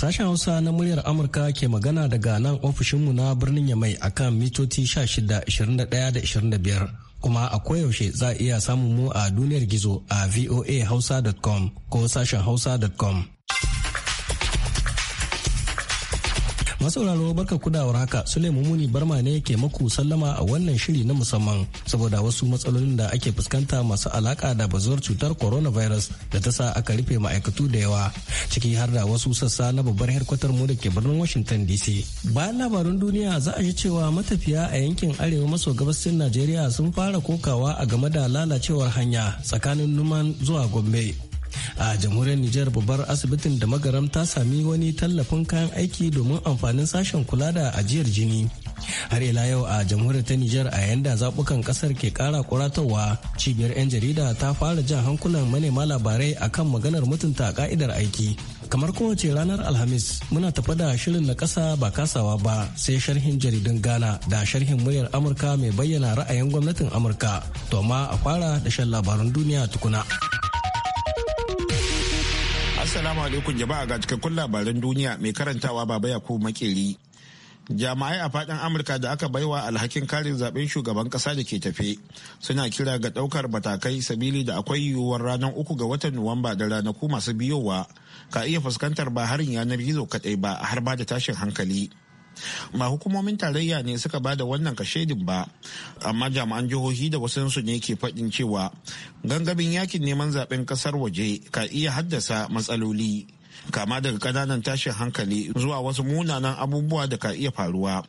Sashen Hausa na muryar Amurka ke magana daga nan ofishinmu na birnin Yamai akan mitoci 16, da kuma a koyaushe za a iya samun mu a duniyar gizo a voahausa.com ko sashen hausa.com. masauraro barka kudawar haka Suleiman Muni Barma ne ke maku sallama a wannan shiri na musamman saboda wasu matsalolin da ake fuskanta masu alaka da bazuwar cutar coronavirus da ta sa aka rufe ma'aikatu da yawa ciki har da wasu sassa na babbar herkwatar mu da ke birnin Washington DC. Bayan labarun duniya za a ji cewa matafiya a yankin arewa maso gabasin Najeriya sun fara kokawa a game da lalacewar hanya tsakanin Numan zuwa Gombe. a jamhuriyar Nijar babbar asibitin da magaram ta sami wani tallafin kayan aiki domin amfanin sashen kula da ajiyar jini har ila yau a jamhuriyar ta Nijar a yanda zaɓukan zabukan kasar ke kara kuratowa cibiyar 'yan jarida ta fara jan hankulan manema labarai akan maganar mutunta ka'idar aiki kamar kowace ranar alhamis muna tafa da shirin na kasa ba kasawa ba sai sharhin jaridun ghana da sharhin muryar amurka mai bayyana ra'ayin gwamnatin amurka to ma a fara da shan labaran duniya tukuna Assalamu alaikum jama'a ga cikakkun labaran duniya mai karantawa baba Yakubu Makeri. Jami'ai a fadin Amurka da aka baiwa alhakin karin zaben shugaban kasa da ke tafe suna kira ga daukar matakai sabili da akwai yiwuwar ranar uku ga watan Nuwamba da ranaku masu biyowa ka iya fuskantar ba harin yanar gizo kadai ba har ba da tashin hankali. ba hukumomin tarayya ne suka ba da wannan kashedin ba amma jami'an jihohi da wasansu ne ke faɗin cewa gangamin yakin neman zaben kasar waje ka iya haddasa matsaloli kama daga ƙananan tashin hankali zuwa wasu munanan abubuwa da ka iya faruwa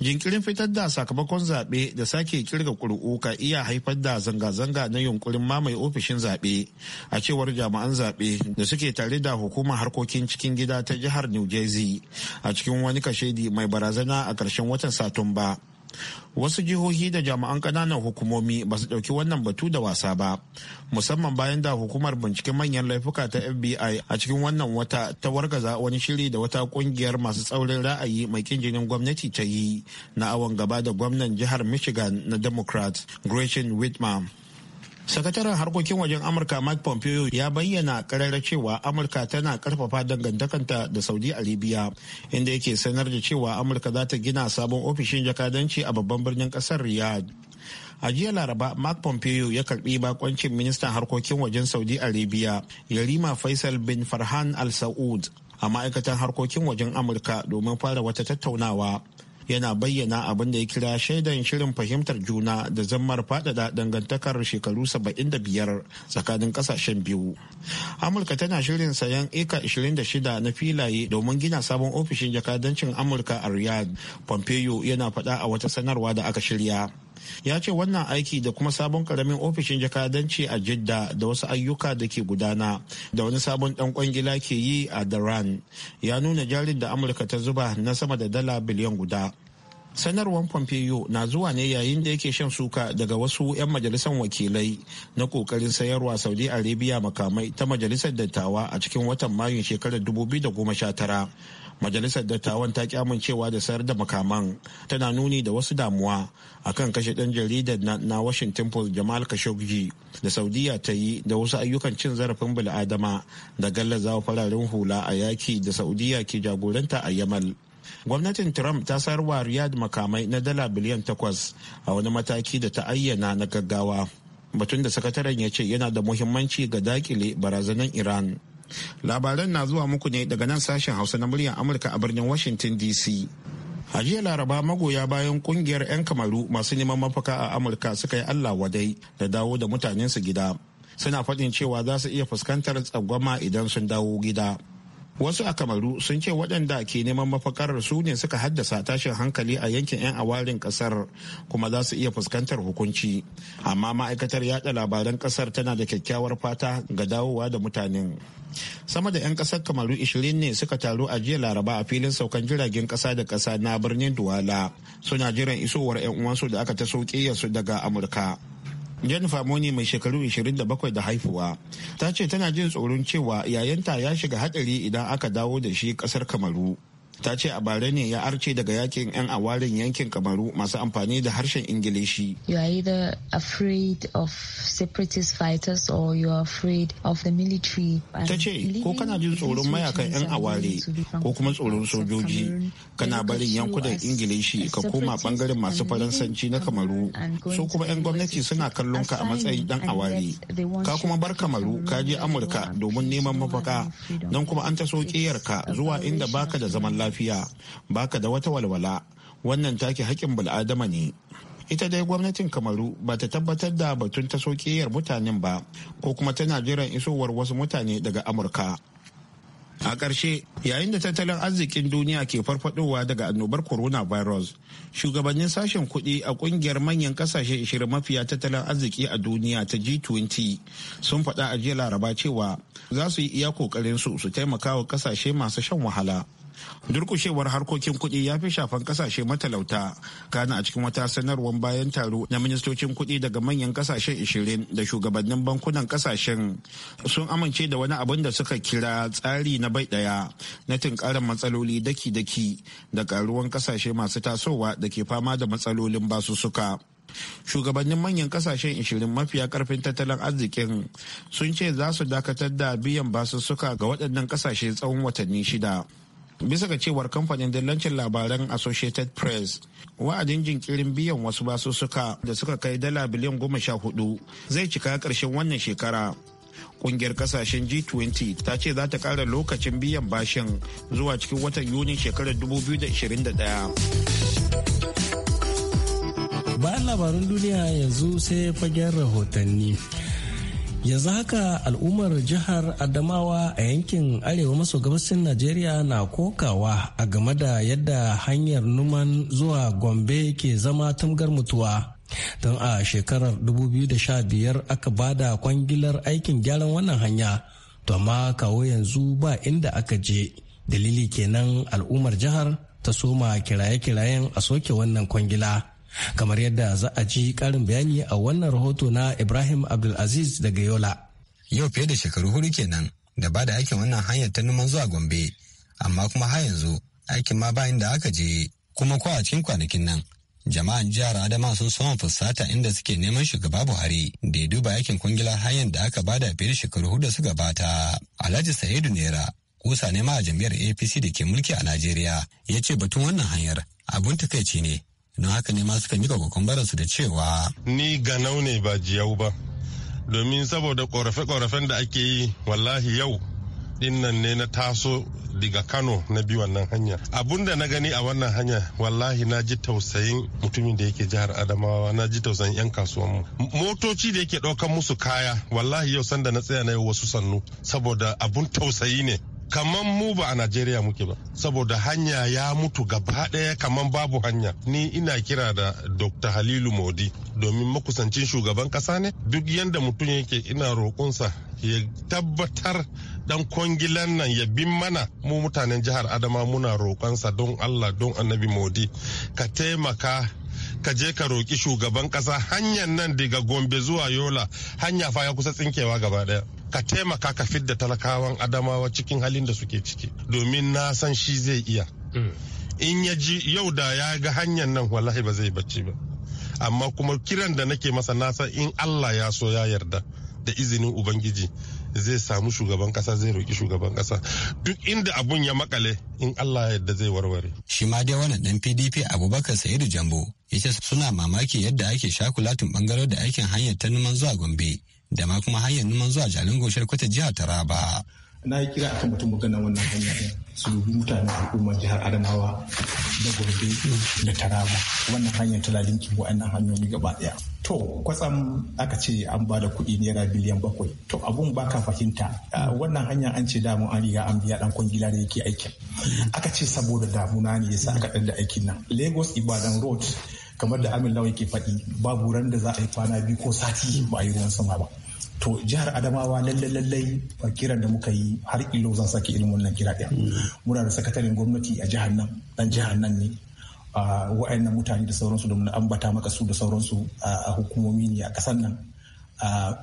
jinkirin fitar da sakamakon zaɓe da sake kirga ƙuri'u ka iya haifar da zanga-zanga na yunkurin mamaye ofishin zaɓe a cewar jami'an zaɓe da suke tare da hukumar harkokin cikin gida ta jihar new jersey a cikin wani kashedi mai barazana a ƙarshen watan satumba wasu jihohi da jami'an kananan hukumomi ba su ɗauki wannan batu da wasa ba musamman bayan da hukumar binciken manyan laifuka ta fbi a cikin wannan wata ta wargaza wani shiri da wata kungiyar masu tsaurin ra'ayi mai kin gwamnati ta yi na awon gaba da gwamnan jihar michigan na democrat gretchen whitmer sakataren harkokin wajen amurka mike pompeo ya bayyana karara cewa amurka tana karfafa dangantakanta da saudi arabia inda yake sanar da cewa amurka za ta gina sabon ofishin jakadanci a babban birnin kasar riyadh a jiya laraba mark pompeo ya karbi bakoncin ministan harkokin wajen saudi arabia yarima faisal bin farhan al saud a ma'aikatan harkokin wajen amurka domin fara wata tattaunawa yana bayyana abin da ya kira shaidan shirin fahimtar juna da zammar faɗaɗa dangantakar shekaru 75 tsakanin ƙasashen biyu. Amurka tana shirin sayan eka 26 na filaye domin gina sabon ofishin jakadancin Amurka a Riyadh. Pompeo yana faɗa a wata sanarwa da aka shirya. ya ce wannan aiki da kuma sabon karamin ofishin jakadanci a jidda da wasu ayyuka da ke gudana da wani sabon dan kwangila ke yi a daran ya nuna jarin da amurka ta zuba na sama da dala biliyan guda sanarwar pompeo na zuwa ne yayin da yake shan suka daga wasu 'yan majalisar wakilai na kokarin sayarwa saudi arabia makamai ta majalisar dattawa a cikin watan mayun shekarar 2019 majalisar dattawan ta ki amincewa da sayar da makaman tana nuni da wasu damuwa akan kashe ɗan jaridar na washington post jamal khashoggi da saudiya ta yi da wasu ayyukan cin zarafin bil'adama da gallazawa fararen hula a yaki da saudiya ke jagoranta a yamal gwamnatin trump ta sarwa riyad makamai na dala biliyan takwas a wani mataki da ta ayyana na gaggawa batun da sakataren ya ce yana da muhimmanci ga dakile barazanan iran labaran na zuwa muku ne daga nan sashen hausa na muryar amurka a birnin washington dc a jiya laraba magoya bayan kungiyar 'yan kamaru masu neman mafaka a amurka suka yi allah wadai da dawo da mutanensu gida suna faɗin cewa za su iya fuskantar tsagwama idan sun dawo gida wasu a kamaru sun ce waɗanda ke neman mafakar su ne suka haddasa tashin hankali a yankin 'yan awarin ƙasar kuma za su iya fuskantar hukunci amma ma'aikatar yada labaran ƙasar tana da kyakkyawar fata ga dawowa da mutanen sama da 'yan ƙasar kamaru 20 ne suka taru a jiya laraba a filin saukan jiragen ƙasa da ƙasa na birnin duwala suna jiran isowar 'yan uwansu da aka ta sauke yasu daga amurka jennifer moni mai shekaru 27 da haifuwa ta ce tana jin tsoron cewa yayanta ya shiga hadari idan aka dawo da shi kasar kamaru ta ce a bare ne ya arce daga yakin 'yan awarin yankin kamaru masu amfani da harshen ingilishi you are either afraid of separatist fighters or you are afraid of the military ta ce ko kana jin tsoron mayakan 'yan aware ko kuma tsoron sojoji kana barin yankunan ingilishi ka koma bangaren masu faransanci na kamaru su kuma 'yan gwamnati suna kallon ka a matsayin dan aware ka kuma bar kamaru ka je amurka domin neman mafaka don kuma an ta so ka zuwa inda baka da zaman lafiya lafiya baka da wata walwala wannan take haƙƙin buladama ne ita dai gwamnatin kamaru ba ta tabbatar da batun ta sokiyar mutanen ba ko kuma tana jiran isowar wasu mutane daga amurka a ƙarshe yayin da tattalin arzikin duniya ke farfadowa daga annobar coronavirus shugabannin sashen kuɗi a ƙungiyar manyan ƙasashe 20 mafiya tattalin arziki a duniya ta g20 sun faɗa a jiya laraba cewa za su yi iya ƙoƙarinsu su taimaka wa ƙasashe masu shan wahala durkushewar harkokin kuɗi ya fi shafan kasashe matalauta kana a cikin wata sanarwar bayan taro na ministocin kuɗi daga manyan kasashen ishirin da shugabannin bankunan kasashen sun amince da wani abin da suka kira tsari na bai ɗaya na tunkarar matsaloli daki-daki da karuwan kasashe masu tasowa da ke fama da matsalolin basussuka. shugabannin manyan kasashen ishirin mafiya karfin tattalin arzikin sun ce za su dakatar da biyan basussuka ga waɗannan kasashe tsawon watanni shida bisa ga cewar kamfanin dillancin labaran associated press wa'adin jinkirin biyan wasu basussuka da suka kai dala biliyan goma sha hudu zai cika ƙarshen wannan shekara kungiyar kasashen G20 ta ce za ta ƙara lokacin biyan bashin zuwa cikin watan Yuni shekarar 2021. Bayan labaran duniya yanzu sai fagen rahotanni. yanzu haka al'ummar jihar adamawa a yankin arewa maso gabashin najeriya na kokawa a game da yadda hanyar numan zuwa gombe ke zama tamgar mutuwa don a shekarar 2015 aka bada kwangilar aikin gyaran wannan hanya to amma kawo yanzu ba inda aka je dalili kenan al'ummar jihar ta soma kiraye-kirayen a soke wannan kwangila. kamar yadda za a ji karin bayani a wannan rahoto na ibrahim abdulaziz daga yola yau fiye da shekaru hudu kenan da ba da aikin wannan hanyar ta numan zuwa gombe amma kuma har yanzu aikin ma bayan da aka je kuma ko a cikin kwanakin nan jama'an jihar adama sun soma fusata inda suke neman shugaba buhari da ya duba aikin kungila hanyar da aka bada fiye da shekaru hudu suka bata alhaji sa'idu nera kusa ne ma a jami'ar apc da ke mulki a najeriya ya ce batun wannan hanyar abun takaici ne don haka ne ma suka mika kokumbararsu da cewa ni ganau ne ba jiyau ba domin saboda korafe-korafen da ake yi wallahi yau dinnan ne na taso daga kano na bi wannan hanya abunda na gani a wannan hanya wallahi na ji tausayin mutumin da yake jihar adamawa na ji tausayin 'yan kasuwan mu. motoci da yake ɗaukan musu kaya wallahi yau sanda na tsaya na yau wasu sannu saboda abun tausayi ne kamar mu ba a najeriya muke ba saboda hanya ya mutu gaba ɗaya kamar babu hanya ni ina kira da dr halilu modi domin makusancin shugaban ƙasa ne duk yadda mutum yake ina roƙonsa ya tabbatar dan kwangilan nan ya bin mana mu mutanen jihar adama muna roƙonsa don allah don annabi modi ka taimaka ka je ka roƙi shugaban ƙasa hanyar nan daga gombe zuwa yola hanya fa ya kusa tsinkewa gaba ɗaya ka taimaka ka fidda talakawan adamawa cikin halin da suke ciki domin na san shi zai iya hmm. in ya ji yau da ya ga hanyar nan wallahi ba zai bacci ba amma kuma kiran da nake masa na san in Allah ya so ya yarda da izinin ubangiji zai samu shugaban kasa zai roki shugaban kasa duk inda abun ya makale in Allah ya yarda zai warware. Shi ma dai wannan dan PDP Abubakar Sa'idu Jambo ya ce suna mamaki yadda ake shakulatin bangaren da aikin hanyar ta neman zuwa Gombe da ma kuma hanyar numan zuwa goshar kwata jihar taraba na yi kira akan mutum magana wannan hanya su rubu mutane al'ummar jihar adamawa da gombe da taraba wannan hanyar ta ladin kibo wannan hanyoyi gaba daya to kwatsam aka ce an ba da kuɗi naira biliyan bakwai to abun baka fahimta wannan hanyar an ce damu an riga an biya dan kwangila da yake aikin aka ce saboda damuna ne yasa aka da aikin nan lagos ibadan road kamar da amin lawa ke faɗi babu ran da za a yi kwana biyu ko sati ba a yi ruwan sama ba to jihar adamawa lallai lallai kiran da muka yi har ilo zan sake irin wannan kira ɗin mm. muna da sakataren gwamnati a jihar nan dan jihar nan ne wa'ayin mutane da sauransu da ambata maka su da sauransu a hukumomi ne a ƙasar nan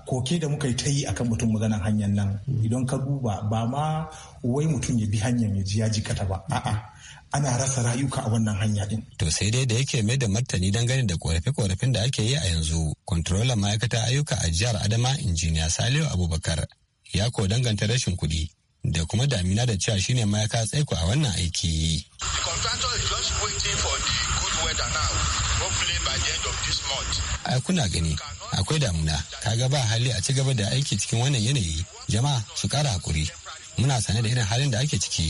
koke da muka yi ta yi akan mutum maganan hanyar nan mm. idan ka duba ba ma wai mutum ya bi hanyar ya ji ya jikata ba a'a ana rasa rayuka a wannan hanya din. To sai dai da yake mai da martani dangane da korafe-korafen da ake yi a yanzu, kontrolan ma'aikata ayyuka a jihar Adama injiniya Salihu Abubakar ya ko danganta rashin kuɗi da kuma damina da cewa shine ma'aika tsaiko a wannan aiki. A kuna gani akwai damuna kaga ba hali a ci gaba da aiki cikin wannan yanayi jama'a su kara hakuri muna sane da irin halin da ake ciki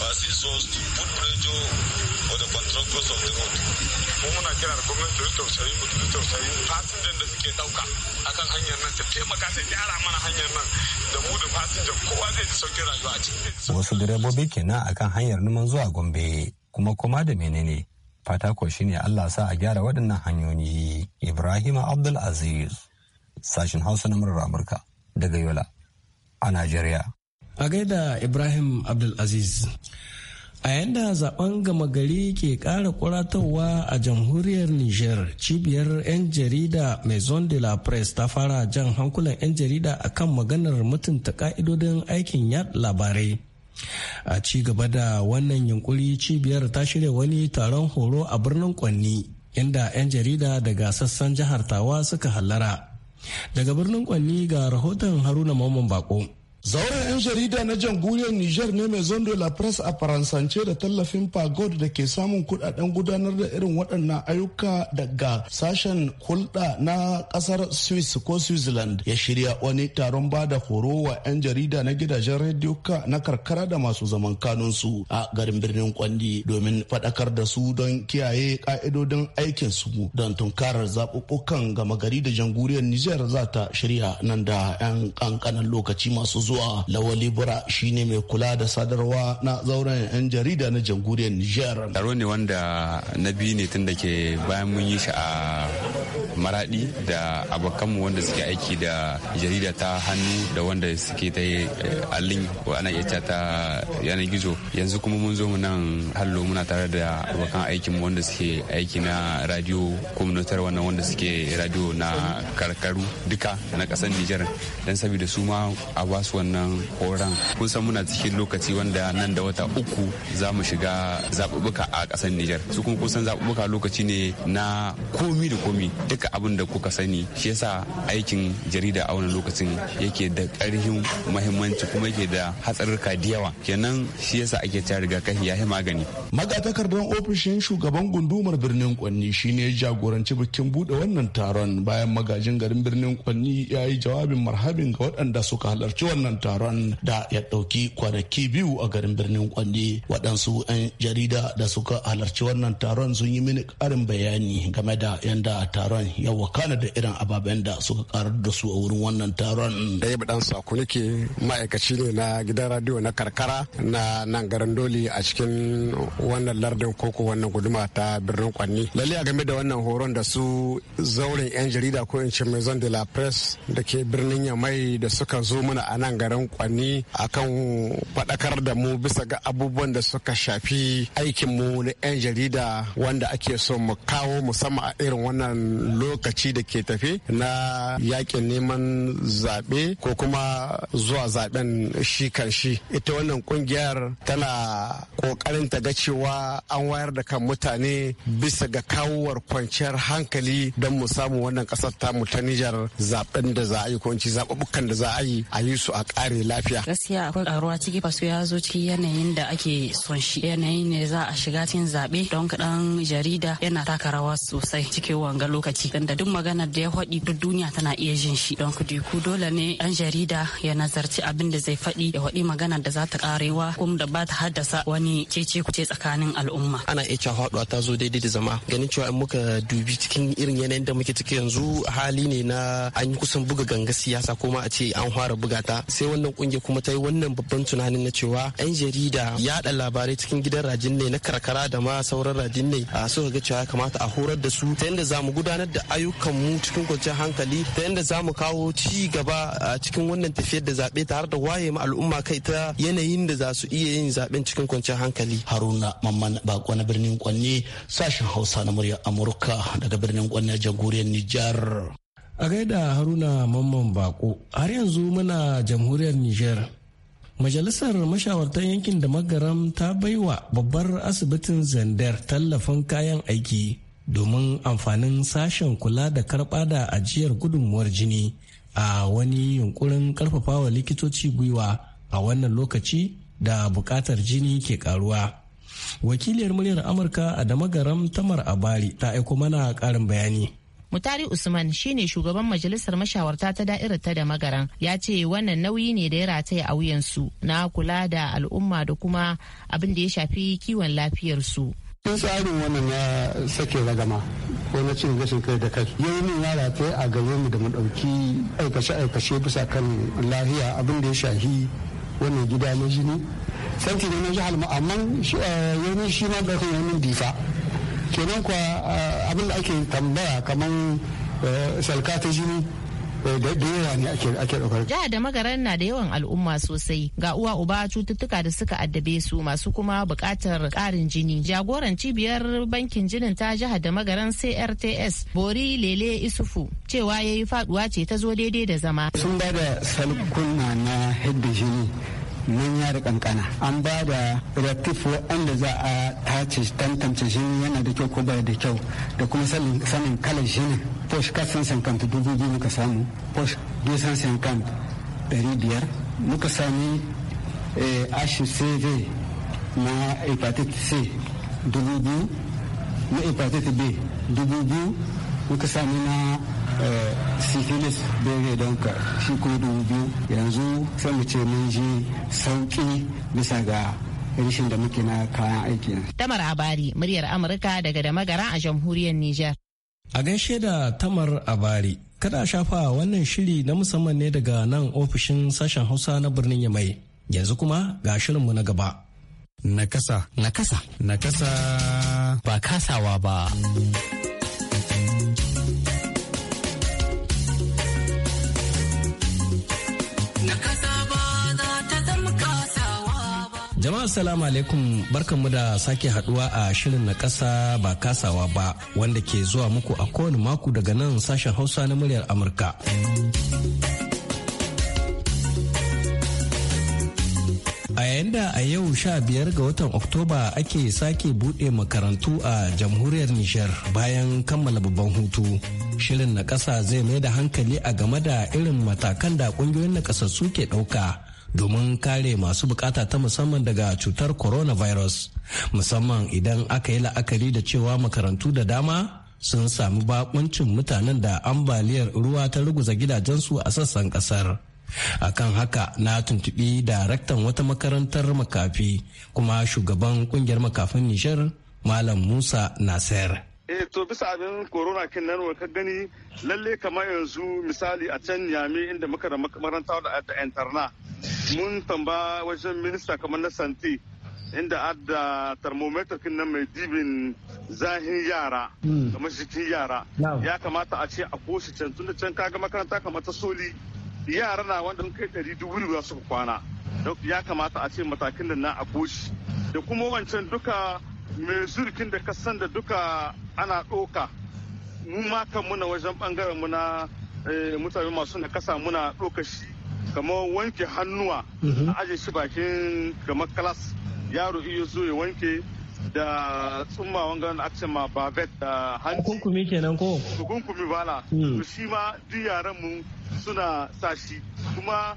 must resource to put pressure on the contractors of the road. Mu muna kira da gwamnati ta tausayi mu ta tausayi fasinjan da suke dauka kan hanyar nan ta taimaka ta gyara mana hanyar nan da mu da fasinjan kowa zai ji sauƙin rayuwa a cikin Wasu direbobi kenan akan hanyar numan zuwa Gombe kuma kuma da menene fata ko shine Allah sa a gyara waɗannan hanyoyi. Ibrahim Abdulaziz, Aziz sashin Hausa na murar Amurka daga Yola a Najeriya. A gaida Ibrahim Abdulaziz. A yanda zaben gama gari ke ƙara kuratowa a jamhuriyar Nijar, cibiyar 'yan jarida Maison de la Presse ta fara jan hankulan 'yan jarida a kan maganar mutunta ka'idodin aikin yad labarai. A ci gaba da wannan yunkuri cibiyar ta shirya wani taron horo a birnin Kwanni, inda 'yan jarida daga sassan jihar Tawa suka hallara. Daga birnin Kwanni ga rahoton Haruna Mamman Bako. Zauren 'yan jarida na jamhuriyar Nijar ne mai zondo La Presse a faransance da tallafin Pagod da ke samun kudaden gudanar da irin waɗannan ayyuka daga sashen hulɗa na ƙasar Swiss ko Switzerland ya shirya wani taron ba da horo wa 'yan jarida na gidajen ka na karkara da masu zaman kanunsu a garin birnin Kwandi domin faɗakar da su don kiyaye ƙa'idodin aikin su don tunkarar zaɓuɓɓukan gama gari da jamhuriyar Nijar za ta shirya nan da 'yan ƙanƙanan lokaci masu zuwa lawali bura shine mai kula da sadarwa na zauren 'yan jarida na jamhuriyar niger taro ne wanda na biyu ne tun da ke bayan mun yi shi a maradi da abokanmu wanda suke aiki da jarida ta hannu da wanda suke ta eh, allin ana iya ta yanar gizo yanzu kuma mun zo mu nan hallo muna tare da abokan aikinmu wanda suke aiki na radio communautaire wannan wanda suke radio na karkaru duka na kasar Nijar dan saboda su ma a basu wannan horon kun san muna cikin lokaci wanda nan da wata uku za mu shiga zaɓuɓɓuka a kasar Nijar su kuma san zaɓuɓɓuka lokaci ne na komi da komi duka abin da kuka sani shi yasa aikin jarida a wani lokacin yake da ƙarfin muhimmanci kuma yake da hatsarurruka da yawa kenan shi yasa ake cewa rigakafi ya yi magani magatakardan ofishin shugaban gundumar birnin kwanni shine ya jagoranci bikin bude wannan taron bayan magajin garin birnin kwanni ya yi jawabin marhabin ga waɗanda suka halarci wannan taron da ya ɗauki kwanaki biyu a garin birnin kwanni waɗansu 'yan jarida da suka halarci wannan taron sun yi mini ƙarin bayani game da yadda taron ya wakana da irin ababen da suka karar da su a wurin wannan taron. Ɗaya ba ɗan sako yake ma'aikaci ne na gidan radiyo na karkara na nan garin doli a cikin wannan lardin koko wannan guduma ta birnin kwanni. Lalle a game da wannan horon da su zauren 'yan jarida ko in ce maison de la presse da ke birnin yamai da suka zo mana a nan garin kwanni akan faɗakar da mu bisa ga abubuwan da suka shafi aikin mu na 'yan jarida wanda ake so mu kawo musamman a irin wannan lokaci da ke tafe na yakin neman zaɓe ko kuma zuwa zaɓen shi kan shi ita wannan kungiyar tana ƙoƙarin ta ga cewa an wayar da kan mutane bisa ga kawowar kwanciyar hankali don mu samu wannan ƙasar tamu ta Nijar zaɓen da za a yi ko zaɓuɓɓukan da za a yi a yi su a ƙare lafiya. Gaskiya akwai ƙaruwa ciki faso ya zo ciki yanayin da ake son shi yanayin ne za a shiga cikin zaɓe don kaɗan jarida yana taka rawa sosai cikin wanga lokaci. dan da duk maganar da ya faɗi duk duniya tana iya jin shi don ku ku dole ne ɗan jarida ya nazarci abin da zai faɗi ya faɗi magana da za ta karewa kuma da ba ta haddasa wani cece kuce tsakanin al'umma ana iya cewa faɗuwa ta zo daidai da zama ganin cewa in muka dubi cikin irin yanayin da muke ciki yanzu hali ne na an kusan buga ganga siyasa kuma a ce an fara buga ta sai wannan kungiya kuma ta yi wannan babban tunanin na cewa yan jarida yaɗa labarai cikin gidan rajin ne na karkara da ma sauran rajin ne a suka ga cewa kamata a horar da su ta yadda za mu gudanar da da ayyukan mu cikin kwanciyar hankali ta yadda za mu kawo ci gaba a cikin wannan tafiyar da zaɓe tare da waye ma al'umma kai ta yanayin da za su iya yin zaɓen cikin kwanciyar hankali. Haruna Mamman Bako na birnin Kwanne sashen Hausa na muryar Amurka daga birnin Kwanne jamhuriyar Nijar. A gaida Haruna Mamman Bako har yanzu muna jamhuriyar Nijar. Majalisar mashawartan yankin da magaram ta baiwa babbar asibitin Zandar tallafin kayan aiki domin amfanin sashen kula da karɓa da ajiyar gudunmuwar jini a wani yunkurin karfafawa likitoci gwiwa a wannan lokaci da buƙatar jini ke karuwa. wakiliyar muryar amurka a garam tamar abari ta aiko mana ƙarin bayani Mutari Usman shine shugaban majalisar mashawarta ta da'ira ta da magaran ya ce wannan nauyi ne da ya rataya a wuyansu na kula da al'umma da kuma abin da ya shafi kiwon lafiyarsu. tun tsarin wannan ya sake ragama ko na cin gashin kai da kai yau min ya rataye a gare mu da mu ɗauki aikace-aikace bisa kan lafiya abin da ya shahi wannan gida na jini santi ne na jihar amma eh, yau shi ma da kan mun difa kenan kuwa eh, abin da ake tambaya kamar eh, salka ta jini Eh, da yawa ne ake ɗaukar. Jihar da magaran na da yawan al'umma sosai ga uwa uba cututtuka da suka addabe su masu kuma buƙatar ƙarin jini. Jagoran cibiyar bankin jinin ta jihar da magaran CRTS Bori Lele Isufu cewa yayi faɗuwa ce ta zo daidai da zama. Sun ba da salkuna na hidda jini ya da kankana an ba da rattif wanda za a tace tantance jini yana da kyau ko bai da kyau da kuma sanin kalar jinin posh kasan sankanta dubu biyu muka samu posh dusan sankanta dari biyar muka sami hcv eh, na hepatitis c dubu biyu na hepatitis b dubu biyu muka sami na syphilis don donka shi ko dubu biyu yanzu sai mu ce mun ji sauki bisa ga rishin da muke na kayan aiki. Tamar Abari, muryar Amurka daga da magara a jamhuriyar Nijar. A gaishe da Tamar Abari, kada shafa wannan shiri na musamman ne daga nan ofishin sashen Hausa na birnin Yamai. Yanzu kuma ga shirinmu na gaba. Nakasa. Nakasa. Nakasa. Ba kasawa ba. Jama'a salamu alaikum mu da sake haduwa a shirin na kasa ba kasawa ba wanda ke zuwa muku a kowane mako daga nan sashen Hausa na muryar Amurka. A yayin da a yau sha biyar ga watan Oktoba ake sake bude makarantu a jamhuriyar Nijar bayan kammala babban hutu. Shirin na kasa zai mai da hankali a game da irin matakan da ƙungiyoyin na ke ɗauka domin kare masu bukata ta musamman daga cutar coronavirus musamman idan aka yi la'akari da cewa makarantu da dama sun sami bakuncin mutanen da ambaliyar ruwa ta ruguza gidajensu a sassan kasar akan haka na tuntubi daraktan wata makarantar makafi kuma shugaban kungiyar makafin nishar malam musa nasir eh to bisa abin corona kin nan ka gani lalle kamar yanzu misali a can yami inda muka da makaranta da interna mun tamba wajen minista kamar na santi inda adda thermometer kin nan mai dibin zahin yara hmm. kamar jikin yara ya kamata a ce a koshi can tunda can kaga makaranta kamar ta soli yara na wanda kai ɗari dubu za su kwana ya kamata a ce matakin da na a koshi da kuma wancan duka mai zurkin da ka san da duka ana ɗoka mu ma kan muna wajen ɓangaren mu na eh, mutane masu na kasa muna ɗoka shi kamar wanke hannuwa mhm. a aje shi bakin kamar kalas yaro iya zo ya wanke da tsumma wangan aksin ma babet da hanci hukunkumi kenan ko hukunkumi bala hmm. to shi ma duk yaran mu suna sashi kuma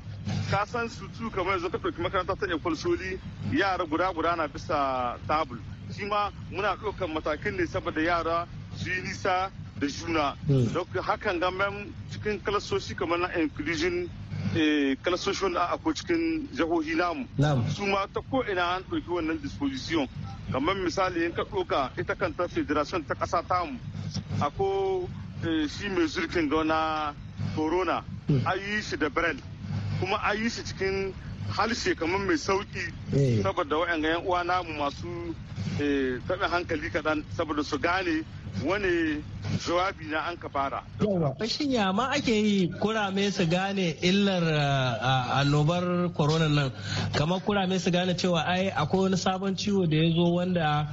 ka san su kamar yanzu ka ɗauki makaranta ta ne soli yara guda guda na bisa tabul shi ma muna ɗaukar matakin ne saboda yara su yi nisa da juna hmm. don hakan gamen cikin kalasoshi kamar na inclusion eh, kalasoshin a ako cikin jihohi namu su ma ta ko ina an ɗauki wannan disposition kamar misali in ka ɗauka ita kanta federation ta ƙasa tamu ako eh, shi mai zurkin na corona hmm. a yi shi da brand. kuma ayi yi shi cikin harshe kamar mai sauki eh. saboda wa'yan yan uwa namu masu eh, taɓin hankali kaɗan saboda su gane wani jawabi na an ka fara. Shin ya ma ake yi kurame su gane illar annobar corona nan kamar kurame su gane cewa ai akwai wani sabon ciwo da ya zo wanda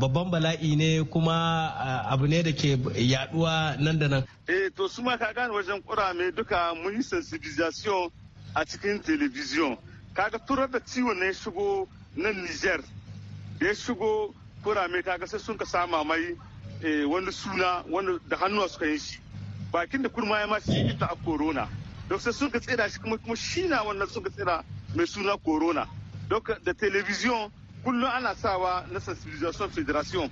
babban bala'i ne kuma abu ne da ke yaduwa nan da nan. Eh to su ma ka gane wajen kurame duka mun yi sensibilisation a cikin telebijiyon kaga turar da ciwon na ya shigo na niger da ya shigo kurame kaga sai sun ka sama mai eh, wani suna wani da hannuwa suka yi shi bakin da kurma ya ma shi ita a corona don sai sun ka tsira shi kuma shi na wannan sun ka tsira mai suna corona don da telebijiyon kullum ana sawa na sensibilisation federation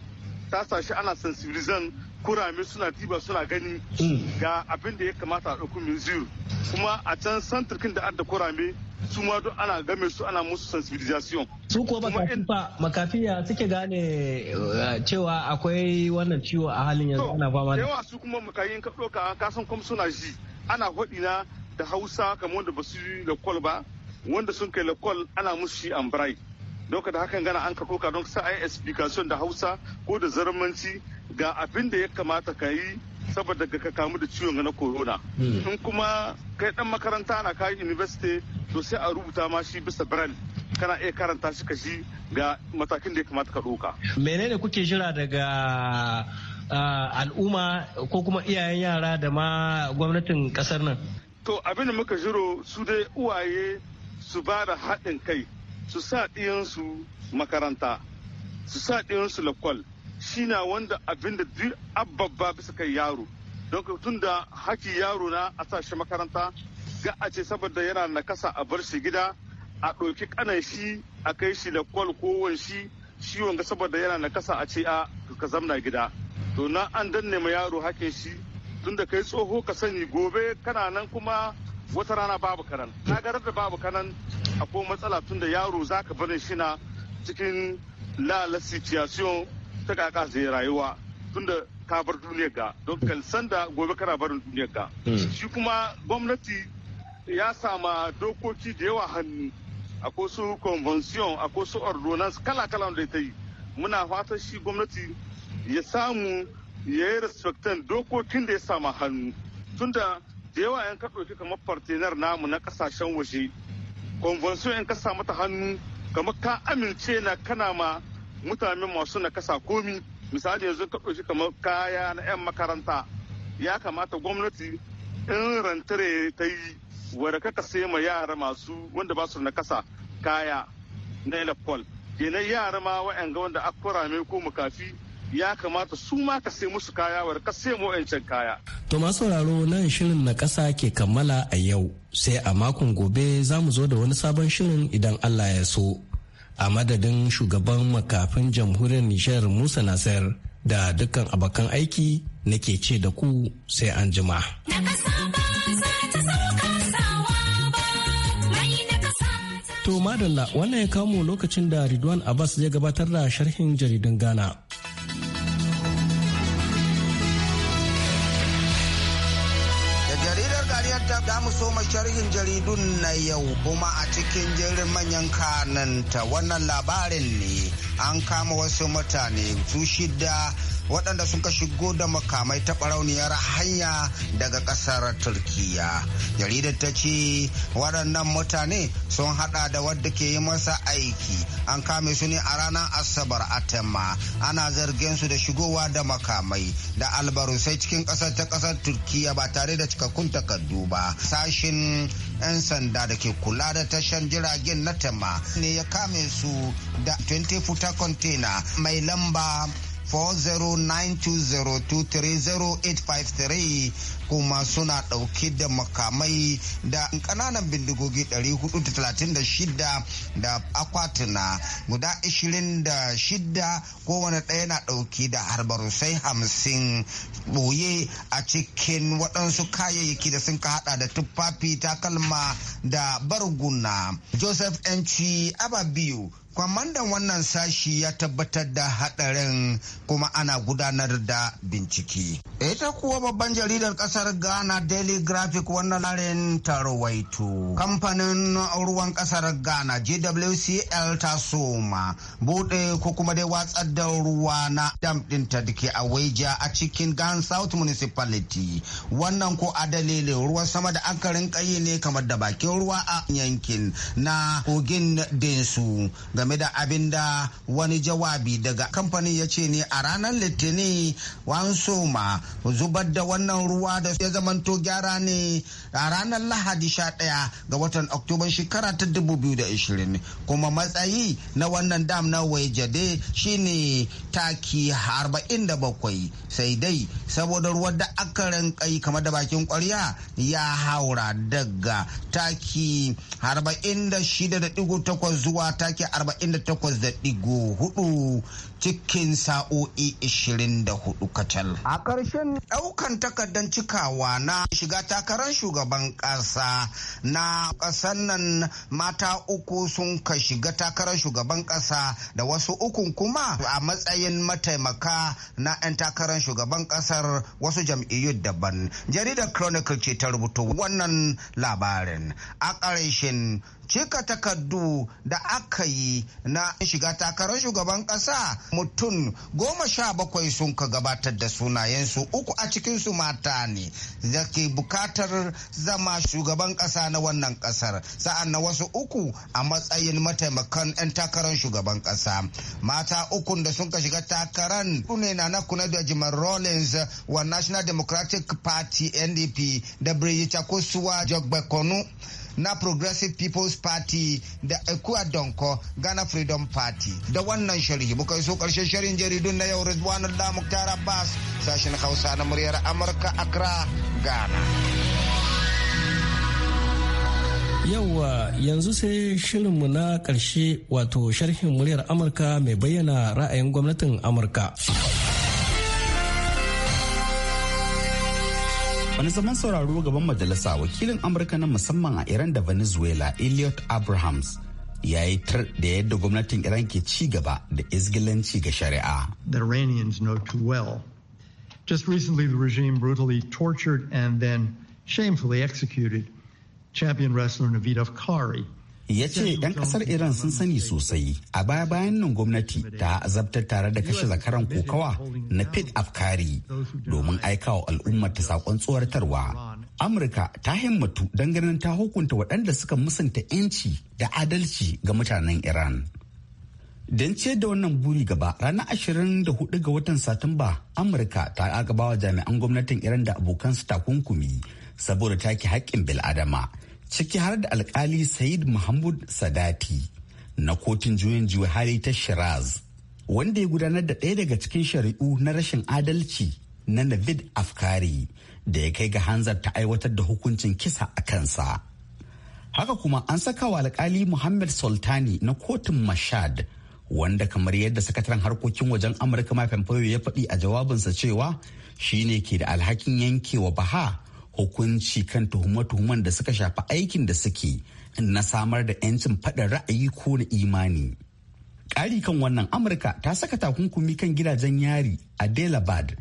ta sashi ana sensibilizan kurame suna tiba suna gani hmm. ga abin da ya kamata a ɗauki min kuma a can santurkin da adda kurame su ma duk ana game su ana musu sensibilisation. su kuwa makafifa makafiya suke gane eh, cewa akwai wannan ciwo a halin yanzu ana fama da yawa su kuma makayin ka ɗauka ka san suna ji ana hwaɗi na da hausa kamar wanda ba su yi lakwal ba wanda sun kai lakwal ana musu shi an birai doka da hakan gana an ka koka don sa ai explication da hausa ko da zarmanci ga abin da ya kamata ka yi saboda ka kamu da ciwon na corona hmm. in kuma kai dan makaranta na kai university to sai a rubuta ma shi bisa brand kana iya karanta shi ka shi ga matakin da ya kamata ka doka menene kuke jira daga al'umma ko kuma iyayen yara da ma gwamnatin kasar nan to abin da muka jiro su dai uwaye su ba da haɗin kai su sa ɗiyansu makaranta su sa ɗiyansu lakwal shi na wanda abin da duk ababba bisa kai yaro don tun da haki yaro na a sa shi makaranta ga a ce saboda yana nakasa a bar shi gida a ɗauki kanan shi a kai shi lakwal ko wanshi shi wanga saboda yana nakasa a ce a ka zamna gida to na an danne ma yaro hakin shi tun da kai tsoho ka sani gobe kana nan kuma wata rana babu kanan na garar da babu kanan akwai matsala tun da yaro za ka barin shi na cikin la situation ta kaka zai rayuwa tun da ka bar duniyar ga don kalsan da gobe kana barin duniyar ga hmm. shi kuma gwamnati ya sama dokoki da yawa hannu akwai su convention akwai su ordonance kala-kala da ta yi muna fatan shi gwamnati ya samu ya yi respectan dokokin da ya sama hannu tun da yawa yan ka kamar partner namu na kasashen waje konvansiyon yan kasa mata hannu kamar ka amince na kana ma mutane masu na kasa komi misali yanzu ka ɗauki kamar kaya na 'yan makaranta ya kamata gwamnati in rantare ta yi wadda ka kasa ma yara masu wanda ba su na kasa kaya na elefkol kenan yara ma wa'yanga wanda akwara mai ko mukafi ya kamata su ma ka sai musu kaya war ka sai mu kaya. To masu sauraro nan shirin na ƙasa ke kammala a yau sai a makon gobe za mu zo da wani sabon shirin idan Allah ya so. A madadin shugaban makafin jamhuriyar Nijar Musa Nasir da dukkan abokan aiki nake ce da ku sai an jima. To madalla wannan ya kamo lokacin da Ridwan Abbas zai gabatar da sharhin jaridun Ghana. za mu soma sharhin jaridun na yau kuma a cikin jerin manyan kananta wannan labarin ne an kama wasu mutane su shida waɗanda suka shigo da makamai ta barauniyar hanya daga ƙasar turkiya jaridar ta ce waɗannan mutane sun haɗa da wadda ke yi masa aiki an kame su ne a ranar asabar a tema ana zargin su da shigowa da makamai da albarusai cikin ƙasar ta ƙasar turkiya ba tare da cikakkun takardu ba sashin 'yan sanda da ke kula da tashan jiragen na tema ne ya kame su da 20 futa container mai lamba 4092023853 kuma suna ɗauke da makamai da ƙananan bindigogi 436 da akwatuna guda 26 kowane ɗaya na ɗauki da harbarusai 50 ɓoye a cikin waɗansu kayayyaki da sun ka hada da tufafi takalma da barguna joseph 'yanci ababiyu kwamandan wannan sashi ya tabbatar da hadarin kuma ana gudanar da bincike ita kuwa babban jaridar kasar ghana daily graphic wannan larin tarwaito kamfanin ruwan kasar ghana jwcl ta soma bude ko kuma dai watsar da ruwa na dam ta da ke Waija a cikin gan south municipality wannan ko a dalilin ruwan sama da an karin ne kamar da bakin ruwa a yankin na kogin dinsu game da abin da wani jawabi daga kamfanin ya ce ne a ranar litinin wansoma zubar da wannan ruwa da ya zamanto gyara ne a ranar lahadi 11 ga watan oktoba shekara ta 2020 kuma matsayi na wannan dam na waijade shine taki 47 sai dai saboda ruwan da aka rankai kamar da bakin kwarya ya haura daga taki 46.8 zuwa taki 48.4 cikin sa'o'i 24 kacal. A ƙarshen ɗaukan takardar cikawa na shiga takarar shugaban ƙasa na ƙasar nan mata uku sun ka shiga takarar shugaban ƙasa da wasu ukun kuma a matsayin mataimaka na 'yan takarar shugaban ƙasar wasu jam'iyyu daban. Jaridar Chronicle ce ta rubuta wannan labarin. A ƙarshen cika takardu da aka yi na shiga takarar shugaban kasa. mutum goma sha bakwai sun ka gabatar da sunayensu uku a cikinsu mata ne da ke bukatar zama shugaban kasa na wannan ƙasar sa'an na wasu uku a matsayin mataimakan 'yan takarar shugaban kasa. mata ukun da sun ka shiga takaran. ne na na kuna da jimar rollins wa national democratic party ndp da bridget kusuwa jogbekonu na progressive people's party da ekuwa donko ghana freedom party da wannan sharhi muka iso karshen shirin jaridun na yau rizwanul da muktar abbas sashen hausa na muryar amurka accra ghana yauwa yanzu sai shirinmu na ƙarshe wato sharhin muryar amurka mai bayyana ra'ayin gwamnatin amurka wani zaman sauraro gaban majalisa wakilin amurka na musamman a iran da venezuela elliot abrahams ya yi tar da yadda gwamnatin iran ke ci gaba da izgilanci ga shari'a the iranians know too well just recently the regime brutally tortured and then shamefully executed champion wrestler navid afkari ya ce 'yan kasar iran sun sani sosai a baya bayan nan gwamnati ta azabtar tare da kashe zakaran kokawa na pit afkari domin aikawa al'ummar ta sakon tsoratarwa amurka ta himmatu don ganin ta hukunta waɗanda suka musanta 'yanci da adalci ga mutanen iran don ce da wannan buri gaba ranar 24 ga watan satumba amurka ta agaba wa jami'an gwamnatin iran da abokansu takunkumi saboda take haƙƙin bil'adama ciki har da alkali Said Muhammad Sadati na kotun juyin juya hali ta Shiraz wanda ya gudanar da ɗaya daga cikin shari'u na rashin adalci na Navid Afkari da ya kai ga hanzar ta aiwatar da hukuncin kisa a kansa. Haka kuma an saka wa alkali Muhammad Sultani na kotun Mashad wanda kamar yadda sakataren harkokin wajen Amurka Mike ya faɗi a jawabinsa cewa shine ke da alhakin yankewa Baha hukunci kan tuhume-tuhumen da suka shafi aikin da suke na samar da 'yancin faɗin ra'ayi ko na imani. Ƙari kan wannan Amurka ta saka takunkumi kan gidajen yari a Delabad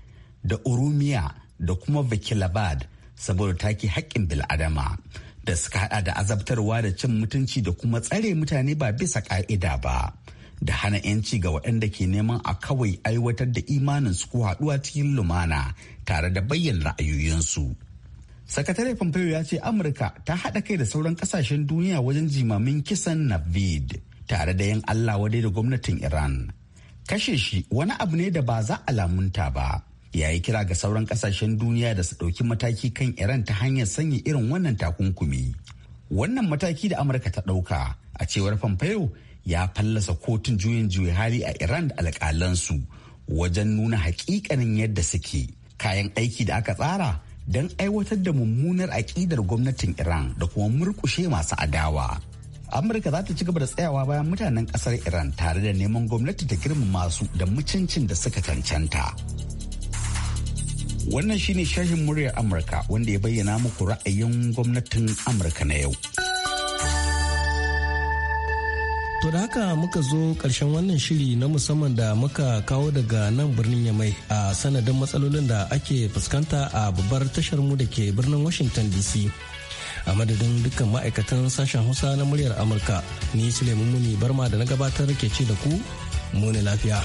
da Urumiya da kuma Vakilabad saboda take haƙƙin bil'adama da suka haɗa da azabtarwa da cin mutunci da kuma tsare mutane ba bisa ƙa'ida ba. da hana 'yanci ga waɗanda ke neman a kawai aiwatar da imanin su ko haɗuwa cikin lumana tare da bayyana ra'ayoyinsu. sakatare pompeo ya ce amurka ta haɗa kai da sauran ƙasashen duniya wajen jimamin kisan navid tare da yin allah wadai da gwamnatin iran kashe shi wani abu ne da ba za a lamunta ba ya yi kira ga sauran ƙasashen duniya da su ɗauki mataki kan iran ta hanyar sanya irin wannan takunkumi wannan mataki da amurka ta ɗauka a cewar pompeo ya fallasa kotun juyin juya hali a iran da alƙalansu wajen nuna hakikanin yadda suke kayan aiki da aka tsara don aiwatar da mummunar aƙidar gwamnatin Iran da kuma murkushe masu adawa. Amurka za ta ci gaba da tsayawa bayan mutanen ƙasar Iran tare da neman gwamnati ta girmama su da mutuncin da suka cancanta. Wannan shine shahin muryar Amurka wanda ya bayyana muku ra'ayin gwamnatin Amurka na yau. To da haka muka zo ƙarshen wannan shiri na musamman da muka kawo daga nan birnin Yamai a sanadin matsalolin da ake fuskanta a babbar tashar mu da ke birnin Washington DC. A madadin dukkan ma'aikatan sashen Hausa na muryar Amurka, ni Suleiman Muni Barma da na gabatar ke ce da ku, muni lafiya.